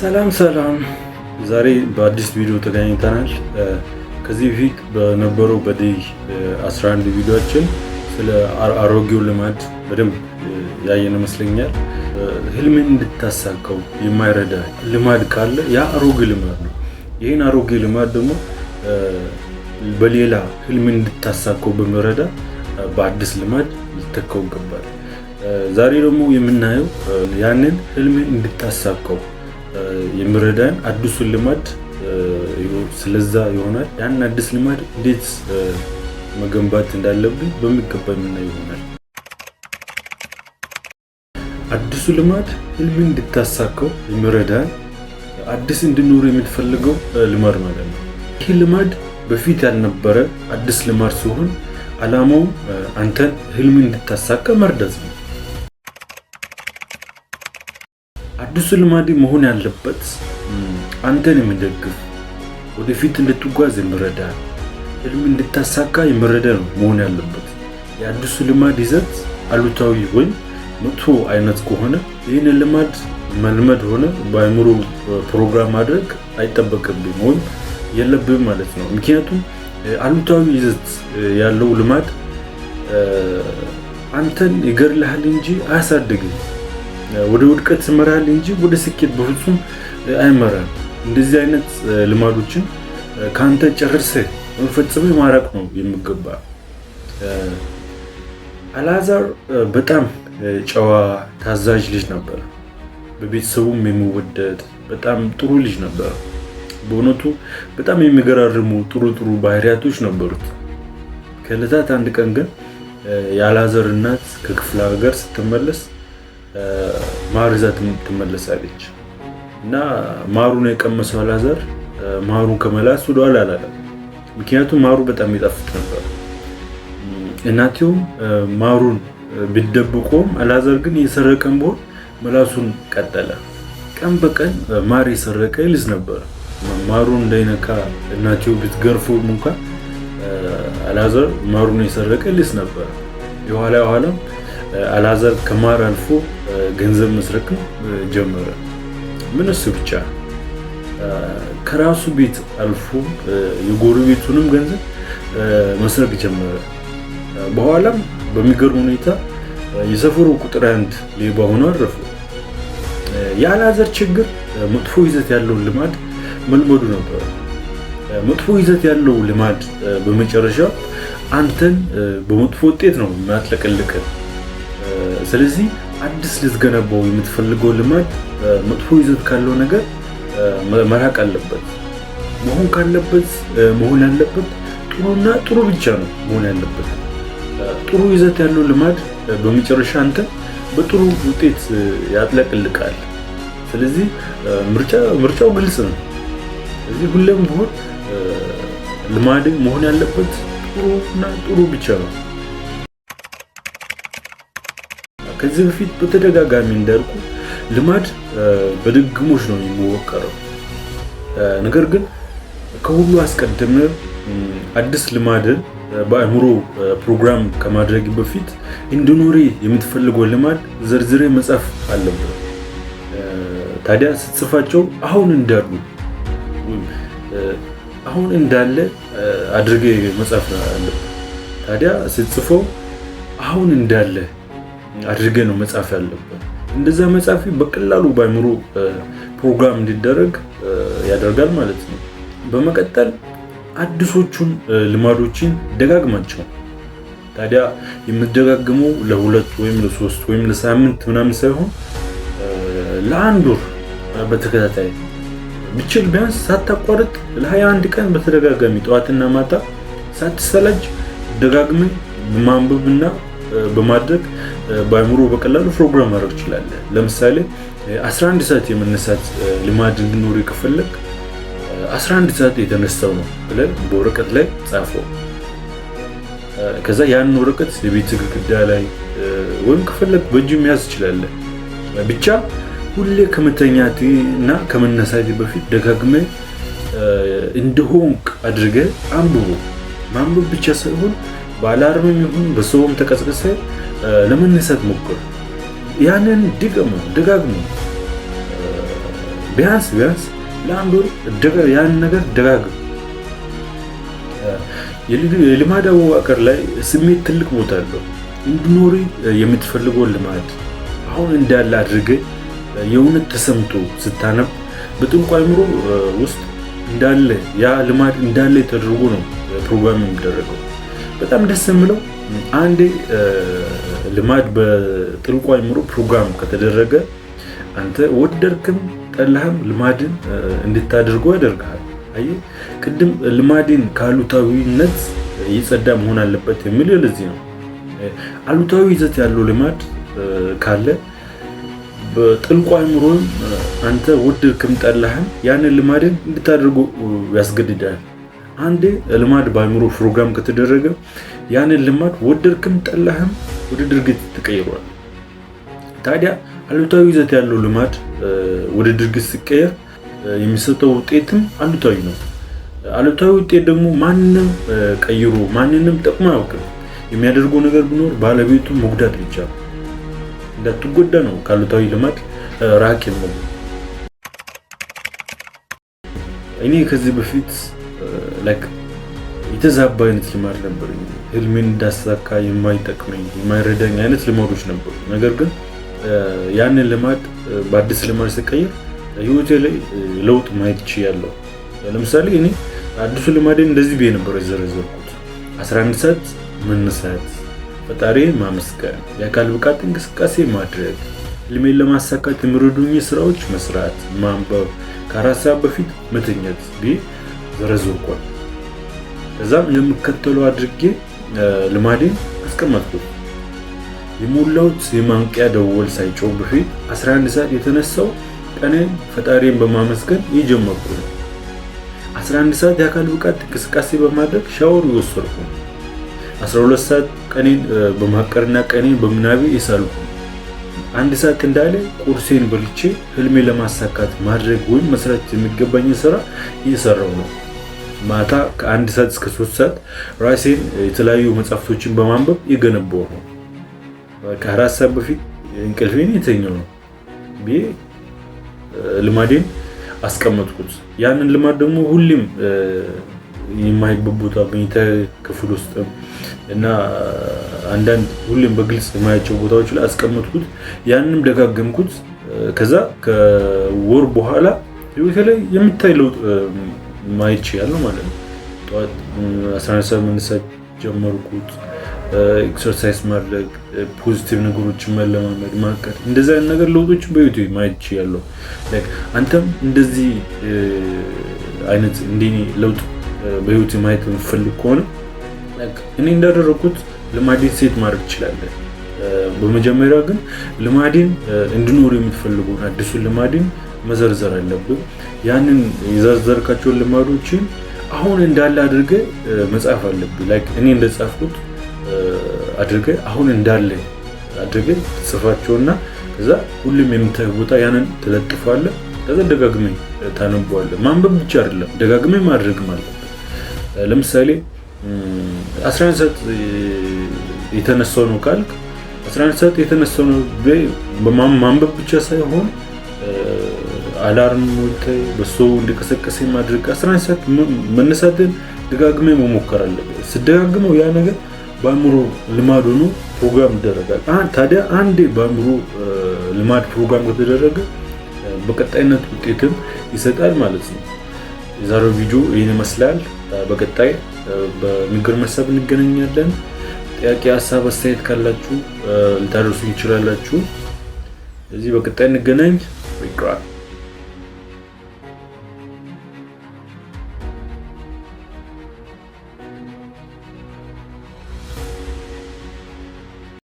ሰላም ሰላም፣ ዛሬ በአዲስ ቪዲዮ ተገናኝተናል። ከዚህ በፊት በነበረው በደይ 11 ቪዲዮችን ስለ አሮጌው ልማድ በደንብ ያየን ይመስለኛል። ህልምን እንድታሳካው የማይረዳ ልማድ ካለ ያ አሮጌ ልማድ ነው። ይህን አሮጌ ልማድ ደግሞ በሌላ ህልምን እንድታሳካው በመረዳ በአዲስ ልማድ ልተካው ይገባል። ዛሬ ደግሞ የምናየው ያንን ህልምን እንድታሳካው የሚረዳን አዲሱን ልማድ ስለዛ ይሆናል። ያን አዲስ ልማድ እንዴት መገንባት እንዳለብን በሚገባ የምናየው ይሆናል። አዲሱ ልማድ ህልም እንድታሳካው የሚረዳን አዲስ እንድኖር የምትፈልገው ልማድ ማለት ነው። ይህ ልማድ በፊት ያልነበረ አዲስ ልማድ ሲሆን አላማው አንተን ህልም እንድታሳካ መርዳት ነው። አዲሱ ልማዴ መሆን ያለበት አንተን የሚደግፍ ወደፊት እንድትጓዝ የሚረዳ ህልም እንድታሳካ የሚረዳ ነው መሆን ያለበት። የአዲሱ ልማድ ይዘት አሉታዊ ወይም መጥፎ አይነት ከሆነ ይህን ልማድ መልመድ ሆነ በአእምሮ ፕሮግራም ማድረግ አይጠበቅብም ወይም የለብም ማለት ነው። ምክንያቱም አሉታዊ ይዘት ያለው ልማድ አንተን ይገድልሃል እንጂ አያሳድግም። ወደ ውድቀት ትመራል እንጂ ወደ ስኬት በፍጹም አይመራል። እንደዚህ አይነት ልማዶችን ከአንተ ጨርሰህ ፈጽመህ ማራቅ ነው የሚገባ። አላዛር በጣም ጨዋ ታዛዥ ልጅ ነበር። በቤተሰቡም የሚወደድ በጣም ጥሩ ልጅ ነበር። በእውነቱ በጣም የሚገራርሙ ጥሩ ጥሩ ባህሪያቶች ነበሩት። ከለታት አንድ ቀን ግን የአላዛር እናት ከክፍለ ሀገር ስትመለስ ማር ይዛ ትመለሳለች እና ማሩን የቀመሰው አላዛር ማሩን ከመላስ ወደኋላ አላለም። ምክንያቱም ማሩ በጣም ይጣፍጥ ነበር። እናቴው ማሩን ብትደብቆም አላዛር ግን የሰረቀን ቢሆን መላሱን ቀጠለ። ቀን በቀን ማር የሰረቀ ይልዝ ነበር። ማሩን እንዳይነካ እናቴው ብትገርፎም እንኳን አላዛር ማሩን የሰረቀ ይልዝ ነበር። የኋላ የኋላም አላዛር ከማር አልፎ ገንዘብ መስረክብ ጀመረ። ምን እሱ ብቻ ከራሱ ቤት አልፎ የጎረቤቱንም ገንዘብ መስረክ ጀመረ። በኋላም በሚገርም ሁኔታ የሰፈሩ ቁጥር አንድ ሌባ ሆኖ አረፈ የአልዓዛር ችግር መጥፎ ይዘት ያለውን ልማድ መልመዱ ነበር። መጥፎ ይዘት ያለው ልማድ በመጨረሻ አንተን በመጥፎ ውጤት ነው የሚያጥለቀልቅን። ስለዚህ አዲስ ልትገነባው የምትፈልገው ልማድ መጥፎ ይዘት ካለው ነገር መራቅ አለበት። መሆን ካለበት መሆን ያለበት ጥሩና ጥሩ ብቻ ነው መሆን ያለበት። ጥሩ ይዘት ያለው ልማድ በመጨረሻ አንተ በጥሩ ውጤት ያጥለቅልቃል። ስለዚህ ምርጫው ግልጽ ነው። ስለዚህ ሁሌም ቢሆን ልማድ መሆን ያለበት ጥሩና ጥሩ ብቻ ነው። ከዚህ በፊት በተደጋጋሚ እንዳልኩ ልማድ በድግሞች ነው የሚወቀረው። ነገር ግን ከሁሉ አስቀድመ አዲስ ልማድን በአእምሮ ፕሮግራም ከማድረግ በፊት እንድኖሬ የምትፈልገው ልማድ ዘርዝሬ መጻፍ አለበት። ታዲያ ስትጽፋቸው አሁን እንዳሉ አሁን እንዳለ አድርጌ መጻፍ አለብን። ታዲያ ስትጽፈው አሁን እንዳለ አድርገ ነው መጻፍ ያለበት። እንደዛ መጻፊ በቀላሉ በአእምሮ ፕሮግራም እንዲደረግ ያደርጋል ማለት ነው። በመቀጠል አዲሶቹን ልማዶችን ደጋግማቸው። ታዲያ የምደጋግመው ለሁለት ወይም ለሶስት ወይም ለሳምንት ምናምን ሳይሆን ለአንድ ወር በተከታታይ ብችል ቢያንስ ሳታቋርጥ ለ21 ቀን በተደጋጋሚ ጠዋትና ማታ ሳትሰላጅ ደጋግመን ማንበብና በማድረግ በአይምሮ በቀላሉ ፕሮግራም ማድረግ ትችላለህ። ለምሳሌ 11 ሰዓት የመነሳት ልማድ እንዲኖር ከፈለግ 11 ሰዓት የተነሳው ነው ብለን በወረቀት ላይ ጻፈው። ከዛ ያን ወረቀት የቤት ግድግዳ ላይ ወይም ከፈለግ በእጅ መያዝ ትችላለህ። ብቻ ሁሌ ከመተኛት እና ከመነሳት በፊት ደጋግመ እንደሆንክ አድርገ አንብቦ ማንበብ ብቻ ሳይሆን በአላርምም ይሁን በሰውም ተቀስቅሰ ለመነሳት ሞክር። ያንን ድገሙ ደጋግሙ። ቢያንስ ቢያንስ ለአንድ ወር ያንን ነገር ደጋግም። የልማድ አወቃቀር ላይ ስሜት ትልቅ ቦታ አለው። እንድኖሪ የምትፈልገውን ልማድ አሁን እንዳለ አድርገ የእውነት ተሰምቶ ስታነብ በጥልቁ አይምሮ ውስጥ እንዳለ ያ ልማድ እንዳለ ተደርጎ ነው ፕሮግራም የሚደረገው። በጣም ደስ የምለው አንዴ ልማድ በጥልቁ አይምሮ ፕሮግራም ከተደረገ አንተ ወደድክም ጠላህም ልማድን እንድታደርገው ያደርግሃል። አይ ቅድም ልማድን ከአሉታዊነት እየጸዳ መሆን አለበት የሚል ለዚህ ነው። አሉታዊ ይዘት ያለው ልማድ ካለ በጥልቁ አይምሮም አንተ ወደድክም ጠላህም ያንን ልማድን እንድታደርገው ያስገድዳል። አንዴ ልማድ በአእምሮ ፕሮግራም ከተደረገ ያንን ልማድ ወደድክም ጠላህም ወደ ድርጊት ተቀይሯል። ታዲያ አሉታዊ ይዘት ያለው ልማድ ወደ ድርጊት ሲቀየር የሚሰጠው ውጤትም አሉታዊ ነው። አሉታዊ ውጤት ደግሞ ማንም ቀይሮ ማንንም ጠቅሞ አያውቅም። የሚያደርገው ነገር ቢኖር ባለቤቱ መጉዳት ብቻ እንዳትጎዳ ነው። ከአሉታዊ ልማድ ራቅ ነው። እኔ ከዚህ በፊት የተዛባ አይነት ልማድ ነበረኝ። ህልሜን እንዳሳካ የማይጠቅመኝ የማይረዳኝ አይነት ልማዶች ነበሩ። ነገር ግን ያንን ልማድ በአዲስ ልማድ ስቀይር ህይወቴ ላይ ለውጥ ማየት ችያለሁ። ለምሳሌ እኔ አዲሱ ልማዴን እንደዚህ ብዬ ነበር የዘረዘርኩት። 11 ሰዓት መነሳት፣ ፈጣሪ ማመስገን፣ የአካል ብቃት እንቅስቃሴ ማድረግ፣ ህልሜን ለማሳካት የሚረዱኝ ስራዎች መስራት፣ ማንበብ፣ ከአራት ሰዓት በፊት መተኛት ብዬ ዘረዘርኳል። እዛም የምከተሉ አድርጌ ልማዴን አስቀመጥኩ። የሞላሁት የማንቂያ ደወል ሳይጮህ በፊት 11 ሰዓት የተነሳው ቀኔን ፈጣሪን በማመስገን የጀመርኩ ነው። 11 ሰዓት የአካል ብቃት እንቅስቃሴ በማድረግ ሻወር የወሰድኩ ነው። 12 ሰዓት ቀኔን በማቀርና ቀኔን በምናቤ የሳልኩ አንድ ሰዓት እንዳለ ቁርሴን በልቼ ህልሜ ለማሳካት ማድረግ ወይም መስራት የሚገባኝ ስራ እየሰራው ነው። ማታ ከአንድ ሰዓት እስከ ሶስት ሰዓት ራሴን የተለያዩ መጽሐፍቶችን በማንበብ የገነባው ነው። ከአራት ሰዓት በፊት እንቅልፌን የተኛው ነው ብዬ ልማዴን አስቀመጥኩት። ያንን ልማድ ደግሞ ሁሌም የማይበት ቦታ መኝታ ክፍል ውስጥ እና አንዳንድ ሁሌም በግልጽ የማያቸው ቦታዎች ላይ አስቀመጥኩት። ያንንም ደጋገምኩት። ከዛ ከወር በኋላ ላይ የምታይ ለውጥ ማየት ይችላሉ ማለት ነው። ጠዋት 11 ሰዓት መነሳት ጀመርኩት። ኤክሰርሳይዝ ማድረግ፣ ፖዚቲቭ ነገሮችን መለማመድ፣ ማቀድ እንደዚህ አይነት ነገር ለውጦችን በዩቱ ማየት ይችላለሁ። አንተም እንደዚህ አይነት እንዲ ለውጥ በዩቲ ማየት የምፈልግ ከሆነ እኔ እንዳደረግኩት ልማዴን ሴት ማድረግ ይችላለን። በመጀመሪያ ግን ልማዴን እንድኖር የምትፈልገውን አዲሱን ልማዴን መዘርዘር አለብን። ያንን የዘርዘርካቸውን ልማዶችን አሁን እንዳለ አድርገ መጻፍ አለብን። ላይክ እኔ እንደጻፍኩት አድርገ አሁን እንዳለ አድርገ ጽፋቸውና ከዛ ሁሉም የምታ ቦታ ያንን ትለጥፋለ። ከዛ ደጋግመ ታነቧለህ። ማንበብ ብቻ አይደለም ደጋግመ ማድረግ አለበት። ለምሳሌ 11 ሰዓት የተነሳው ነው ካልክ 11 ሰዓት የተነሳው በማንበብ ብቻ ሳይሆን አላርም ሞልተህ በሶ እንዲቀሰቀሰ ማድረግ 11 ሰዓት መነሳትን ደጋግሜ መሞከር አለበት። ስደጋግመው ያ ነገር በአእምሮ ልማድ ሆኖ ፕሮግራም ይደረጋል። ታዲያ አንዴ በአእምሮ ልማድ ፕሮግራም ከተደረገ በቀጣይነት ውጤትም ይሰጣል ማለት ነው። የዛሬው ቪዲዮ ይህን ይመስላል። በቀጣይ በንግግር መሳብ እንገናኛለን። ጥያቄ፣ ሀሳብ፣ አስተያየት ካላችሁ ልታደርሱ ይችላላችሁ። እዚህ በቀጣይ እንገናኝ። ይቀራል